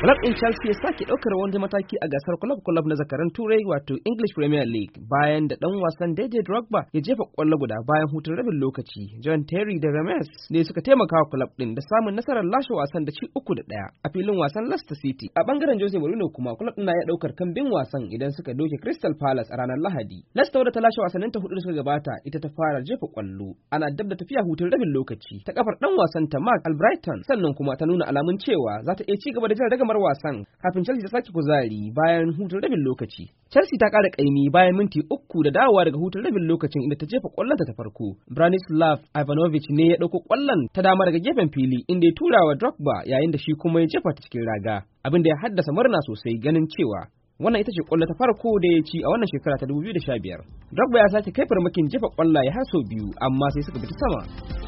Club in Chelsea ya sake ɗaukar wani mataki a gasar club-club na zakaran Turai wato English Premier League bayan da ɗan wasan Didier Drogba ya jefa kwallo guda bayan hutun rabin lokaci. John Terry da Ramirez ne suka taimaka wa club ɗin da samun nasarar lashe wasan da ci uku da ɗaya a filin wasan Leicester City. A ɓangaren Jose Mourinho kuma club ɗin na ya ɗaukar kambin wasan idan suka doke Crystal Palace a ranar Lahadi. Leicester wadda ta lashe wasanninta hudu da suka gabata ita ta fara jefa kwallo Ana dab da tafiya hutun rabin lokaci ta kafar ɗan wasan ta Mark Albrighton sannan kuma ta nuna alamun cewa za ta iya ci gaba da jan ragamar wasan kafin Chelsea ta sake kuzari bayan hutun rabin lokaci. Chelsea ta ƙara ƙaimi bayan minti uku da dawowa daga hutun rabin lokacin inda ta jefa ƙwallonta ta farko. Branislav Ivanovic ne ya ɗauko ƙwallon ta dama daga gefen fili inda ya tura wa Drogba yayin da shi kuma ya jefa ta cikin raga. Abin da ya haddasa murna sosai ganin cewa wannan ita ce kwallo ta farko da ya ci a wannan shekara ta 2015. Drogba ya sake kai farmakin jefa ƙwallaye har sau biyu amma sai suka ta sama.